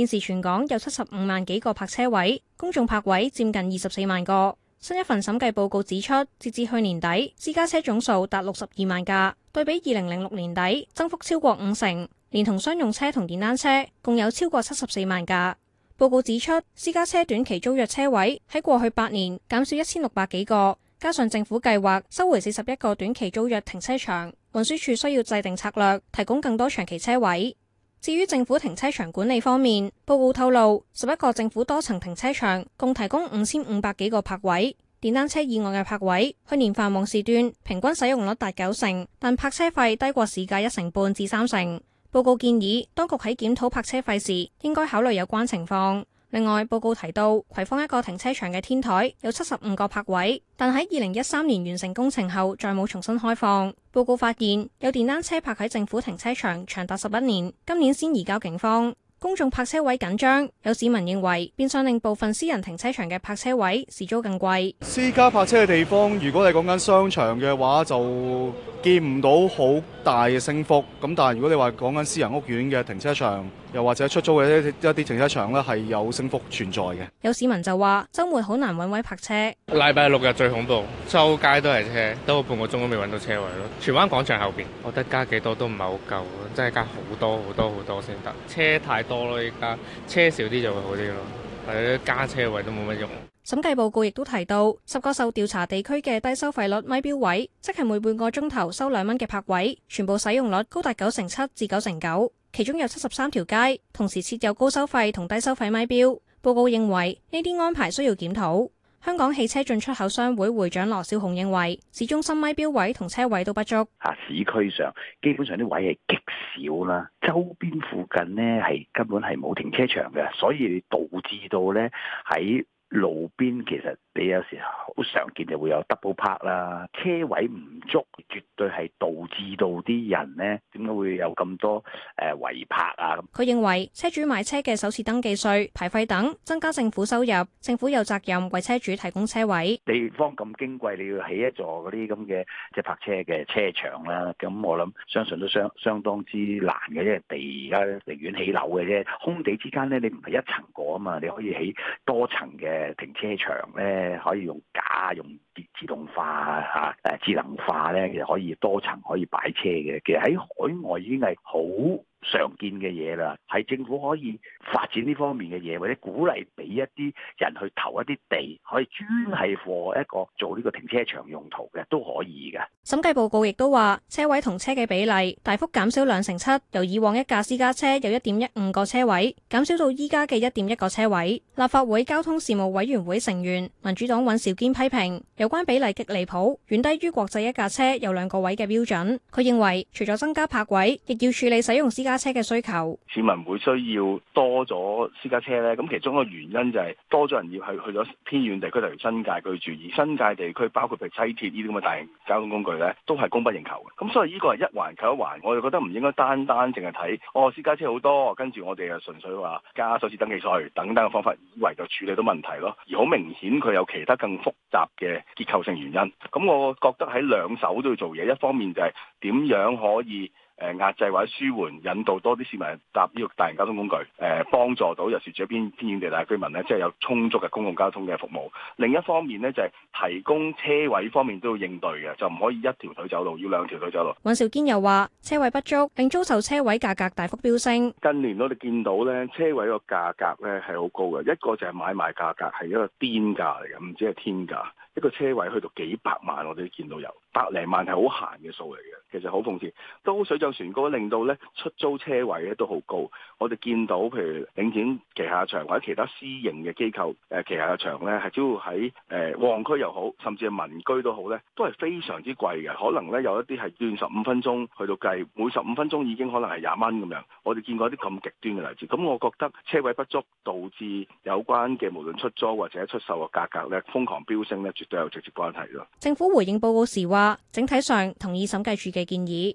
現時全港有七十五萬幾個泊車位，公眾泊位佔近二十四萬個。新一份審計報告指出，截至去年底，私家車總數達六十二萬架，對比二零零六年底，增幅超過五成。連同商用車同電單車，共有超過七十四萬架。報告指出，私家車短期租約車位喺過去八年減少一千六百幾個，加上政府計劃收回四十一個短期租約停車場，運輸署需要制定策略，提供更多長期車位。至於政府停車場管理方面，報告透露，十一個政府多層停車場共提供五千五百幾個泊位。電單車以外嘅泊位，去年繁忙時段平均使用率達九成，但泊車費低過市價一成半至三成。報告建議，當局喺檢討泊車費時，應該考慮有關情況。另外，報告提到葵芳一個停車場嘅天台有七十五個泊位，但喺二零一三年完成工程後，再冇重新開放。報告發現有電單車泊喺政府停車場長達十一年，今年先移交警方。公眾泊車位緊張，有市民認為，變相令部分私人停車場嘅泊車位時租更貴。私家泊車嘅地方，如果你講緊商場嘅話，就見唔到好大嘅升幅。咁但係如果你話講緊私人屋苑嘅停車場，又或者出租嘅一啲停車場咧，係有升幅存在嘅。有市民就話：周末好難揾位泊車。禮拜六日最恐怖，周街都係車，都半個鐘都未揾到車位咯。荃灣廣場後邊，我覺得加幾多都唔係好夠，真係加好多好多好多先得。車太多咯，依家車少啲就會好啲咯。但係，加車位都冇乜用。審計報告亦都提到，十個受調查地區嘅低收費率咪錶位，即係每半個鐘頭收兩蚊嘅泊位，全部使用率高達九成七至九成九。其中有七十三條街，同時設有高收費同低收費咪錶。報告認為呢啲安排需要檢討。香港汽車進出口商會會長羅少雄認為，市中心咪錶位同車位都不足。啊，市區上基本上啲位係極少啦，周邊附近咧係根本係冇停車場嘅，所以導致到咧喺。路邊其實你有時候好常見就會有 double park 啦，車位唔足，絕對係導致到啲人咧點解會有咁多誒違泊啊咁。佢認為車主買車嘅首次登記稅、牌費等增加政府收入，政府有責任為車主提供車位。地方咁矜貴，你要起一座嗰啲咁嘅即係泊車嘅車場啦。咁我諗相信都相相當之難嘅，因為地而家寧願起樓嘅啫，空地之間咧你唔係一層過啊嘛，你可以起多層嘅。誒停車場呢，可以用架，用自動化吓，誒智能化呢，其實可以多層可以擺車嘅。其實喺海外已經係好常見嘅嘢啦，係政府可以發展呢方面嘅嘢，或者鼓勵俾一啲人去投一啲地，可以專係貨一個做呢個停車場用途嘅都可以嘅。審計報告亦都話，車位同車嘅比例大幅減少兩成七，由以往一架私家車有一點一五個車位，減少到依家嘅一點一個車位。立法會交通事務委員會成員民主黨尹兆堅批評，有關比例極離譜，遠低於國際一架車有兩個位嘅標準。佢認為，除咗增加泊位，亦要處理使用私家家車嘅需求，市民會需要多咗私家車呢？咁其中一個原因就係多咗人要去去咗偏遠地區，例如新界居住，而新界地區包括譬如西鐵呢啲咁嘅大型交通工具呢，都係供不應求嘅。咁所以呢個係一環扣一環，我哋覺得唔應該單單淨係睇哦私家車好多，跟住我哋啊純粹話加首次登記稅等等嘅方法，以為就處理到問題咯。而好明顯佢有其他更復雜嘅結構性原因。咁我覺得喺兩手都要做嘢，一方面就係點樣可以。誒壓、呃、制或者舒緩，引導多啲市民搭呢個大型交通工具，誒、呃、幫助到尤其是喺偏遠地帶居民咧，即係有充足嘅公共交通嘅服務。另一方面呢，就係、是、提供車位方面都要應對嘅，就唔可以一條腿走路，要兩條腿走路。尹兆堅又話：車位不足，並遭受車位價格大幅飆升。近年我哋見到呢車位個價格呢係好高嘅，一個就係買賣價格係一個癲價嚟嘅，唔止係天價，一個車位去到幾百萬，我哋都見到有百零萬係好閒嘅數嚟嘅。其實好諷刺，都水漲船高，令到咧出租車位咧都好高。我哋見到，譬如領展旗下場或者其他私營嘅機構誒、呃、旗下嘅場咧，係主要喺誒、呃、旺區又好，甚至係民居都好咧，都係非常之貴嘅。可能咧有一啲係斷十五分鐘去到計，每十五分鐘已經可能係廿蚊咁樣。我哋見過一啲咁極端嘅例子。咁我覺得車位不足導致有關嘅無論出租或者出售嘅價格咧，瘋狂飆升咧，絕對有直接關係咯。政府回應報告時話：整體上同意審計處嘅嘅建議。